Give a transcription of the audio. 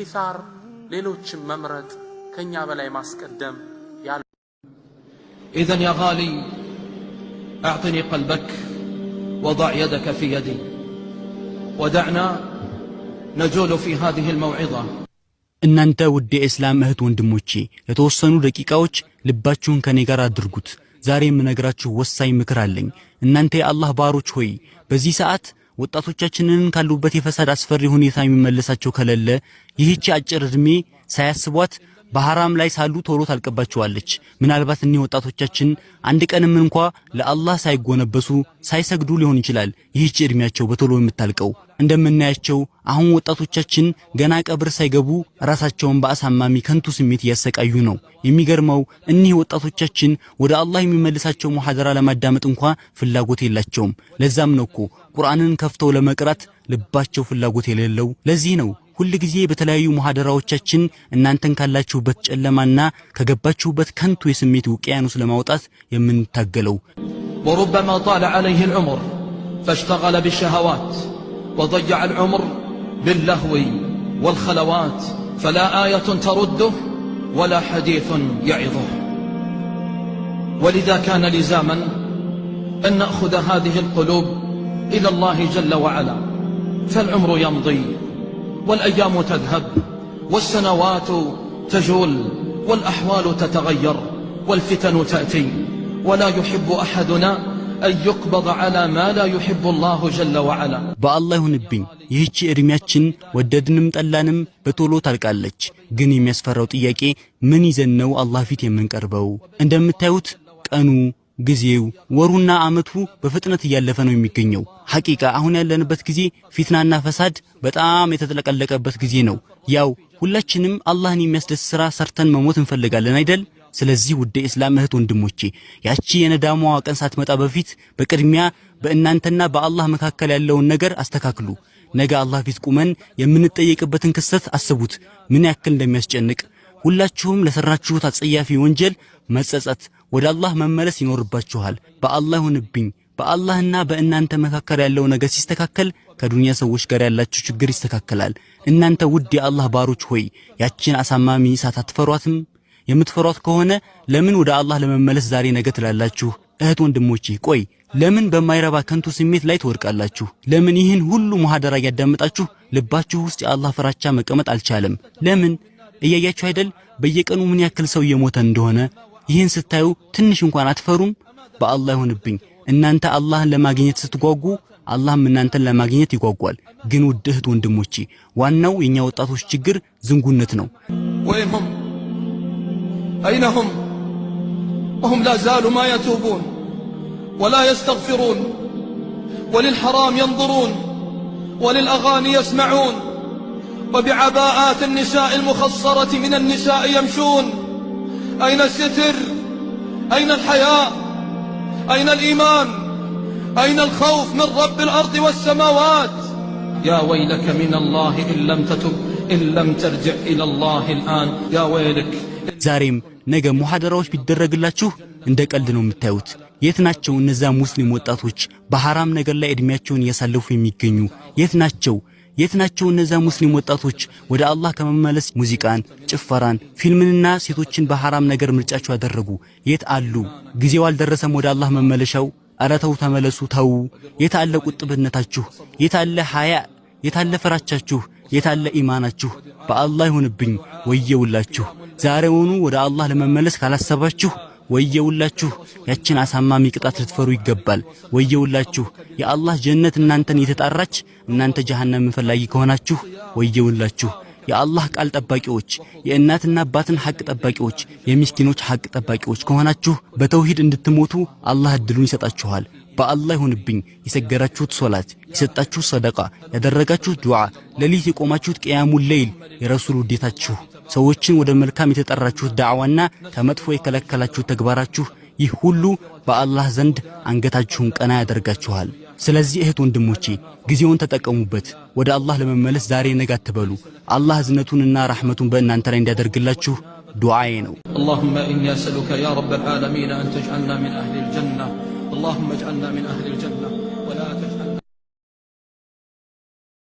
ሂሳር ሌሎችን መምረጥ ከኛ በላይ ማስቀደም ያለ ኢዘን ያ ጋሊ አዕጥኒ ቀልበክ ወضዕ የደከ ፊ የዲ ወደዕና ነጆሎ ፊ ሃዚህ ልመውዒዛ እናንተ ውድ የእስላም እህት ወንድሞቼ ለተወሰኑ ደቂቃዎች ልባችሁን ከኔ ጋር አድርጉት ዛሬ የምነግራችሁ ወሳኝ ምክር አለኝ እናንተ የአላህ ባሮች ሆይ በዚህ ሰዓት ወጣቶቻችንን ካሉበት የፈሳድ አስፈሪ ሁኔታ የሚመለሳቸው ከሌለ ይህች አጭር እድሜ ሳያስቧት በሐራም ላይ ሳሉ ቶሎ ታልቀባቸዋለች። ምናልባት እኒህ ወጣቶቻችን አንድ ቀንም እንኳ ለአላህ ሳይጎነበሱ ሳይሰግዱ ሊሆን ይችላል ይህች እድሜያቸው በቶሎ የምታልቀው። እንደምናያቸው አሁን ወጣቶቻችን ገና ቀብር ሳይገቡ ራሳቸውን በአሳማሚ ከንቱ ስሜት እያሰቃዩ ነው። የሚገርመው እኒህ ወጣቶቻችን ወደ አላህ የሚመልሳቸው መሐደራ ለማዳመጥ እንኳ ፍላጎት የላቸውም። ለዛም ነው እኮ ቁርአንን ከፍተው ለመቅራት ልባቸው ፍላጎት የሌለው። ለዚህ ነው ሁል ጊዜ በተለያዩ መሐደራዎቻችን እናንተን ካላችሁበት ጨለማና ከገባችሁበት ከንቱ የስሜት ውቅያኖስ ለማውጣት የምንታገለው። ወሩበማ ጣለ ዐለይሂ አልዑምር ፈሽተገለ ቢሸሃዋት وضيع العمر باللهو والخلوات فلا آية ترده ولا حديث يعظه ولذا كان لزاما أن نأخذ هذه القلوب إلى الله جل وعلا فالعمر يمضي والأيام تذهب والسنوات تجول والأحوال تتغير والفتن تأتي ولا يحب أحدنا አን ዩቅበض ዐላ ማ ላ ዩሕቡ አላሁ ጀለ ወዐላ። በአላህ ይሁንብኝ ይህቺ ዕድሜያችን ወደድንም ጠላንም በቶሎ ታልቃለች። ግን የሚያስፈራው ጥያቄ ምን ይዘን ነው አላህ ፊት የምንቀርበው? እንደምታዩት ቀኑ ጊዜው ወሩና ዓመቱ በፍጥነት እያለፈ ነው የሚገኘው። ሐቂቃ አሁን ያለንበት ጊዜ ፊትናና ፈሳድ በጣም የተጥለቀለቀበት ጊዜ ነው። ያው ሁላችንም አላህን የሚያስደስት ሥራ ሰርተን መሞት እንፈልጋለን አይደል? ስለዚህ ውድ የእስላም እህት ወንድሞቼ ያቺ የነዳሟ ቀን ሳትመጣ በፊት በቅድሚያ በእናንተና በአላህ መካከል ያለውን ነገር አስተካክሉ። ነገ አላህ ፊት ቁመን የምንጠየቅበትን ክስተት አስቡት፣ ምን ያክል እንደሚያስጨንቅ። ሁላችሁም ለሰራችሁት አጸያፊ ወንጀል መጸጸት፣ ወደ አላህ መመለስ ይኖርባችኋል። በአላህ ይሁንብኝ። በአላህና በእናንተ መካከል ያለው ነገር ሲስተካከል ከዱንያ ሰዎች ጋር ያላችሁ ችግር ይስተካከላል። እናንተ ውድ የአላህ ባሮች ሆይ ያችን አሳማሚ እሳት አትፈሯትም? የምትፈሯት ከሆነ ለምን ወደ አላህ ለመመለስ ዛሬ ነገ ትላላችሁ? እህት ወንድሞቼ፣ ቆይ ለምን በማይረባ ከንቱ ስሜት ላይ ትወድቃላችሁ? ለምን ይህን ሁሉ ሙሐደራ እያዳመጣችሁ ልባችሁ ውስጥ የአላህ ፍራቻ መቀመጥ አልቻለም? ለምን እያያችሁ አይደል? በየቀኑ ምን ያክል ሰው እየሞተ እንደሆነ ይህን ስታዩ ትንሽ እንኳን አትፈሩም? በአላህ ይሆንብኝ እናንተ አላህን ለማግኘት ስትጓጉ አላህም እናንተን ለማግኘት ይጓጓል። ግን ውድ እህት ወንድሞቼ፣ ዋናው የኛ ወጣቶች ችግር ዝንጉነት ነው። أين هم وهم لا زالوا ما يتوبون ولا يستغفرون وللحرام ينظرون وللأغاني يسمعون وبعباءات النساء المخصرة من النساء يمشون أين الستر أين الحياء أين الإيمان أين الخوف من رب الأرض والسماوات يا ويلك من الله إن لم تتب إن لم ترجع إلى الله الآن يا ويلك زاريم ነገ ሙሐደራዎች ቢደረግላችሁ እንደ ቀልድ ነው የምታዩት። የት ናቸው እነዛ ሙስሊም ወጣቶች በሐራም ነገር ላይ እድሜያቸውን እያሳለፉ የሚገኙ? የት ናቸው? የት ናቸው እነዛ ሙስሊም ወጣቶች ወደ አላህ ከመመለስ ሙዚቃን፣ ጭፈራን፣ ፊልምንና ሴቶችን በሐራም ነገር ምርጫቸው ያደረጉ የት አሉ? ጊዜው አልደረሰም ወደ አላህ መመለሻው? ኧረ ተው ተመለሱ፣ ተው። የት አለ ቁጥብነታችሁ? የት አለ ሐያ? የት አለ ፍራቻችሁ? የት አለ ኢማናችሁ? በአላህ ይሁንብኝ፣ ወየውላችሁ። ዛሬውኑ ወደ አላህ ለመመለስ ካላሰባችሁ ወየውላችሁ ያችን አሳማሚ ቅጣት ልትፈሩ ይገባል። ወየውላችሁ የአላህ ጀነት እናንተን እየተጣራች እናንተ ጀሃነም ፈላጊ ከሆናችሁ ወየውላችሁ። የአላህ ቃል ጠባቂዎች፣ የእናትና አባትን ሐቅ ጠባቂዎች፣ የሚስኪኖች ሐቅ ጠባቂዎች ከሆናችሁ በተውሂድ እንድትሞቱ አላህ እድሉን ይሰጣችኋል። በአላህ ይሁንብኝ የሰገራችሁት ሶላት፣ የሰጣችሁት ሰደቃ፣ ያደረጋችሁት ዱዓ፣ ሌሊት የቆማችሁት ቅያሙል ሌይል የረሱል ውዴታችሁ ሰዎችን ወደ መልካም የተጠራችሁት ዳዕዋና ከመጥፎ የከለከላችሁት ተግባራችሁ ይህ ሁሉ በአላህ ዘንድ አንገታችሁን ቀና ያደርጋችኋል። ስለዚህ እህት ወንድሞቼ ጊዜውን ተጠቀሙበት። ወደ አላህ ለመመለስ ዛሬ ነገ አትበሉ። አላህ እዝነቱንና ረሕመቱን በእናንተ ላይ እንዲያደርግላችሁ ዱዓዬ ነው። اللهم إني أسألك يا رب العالمين أن تجعلنا من أهل الجنة اللهم اجعلنا من أهل الجنة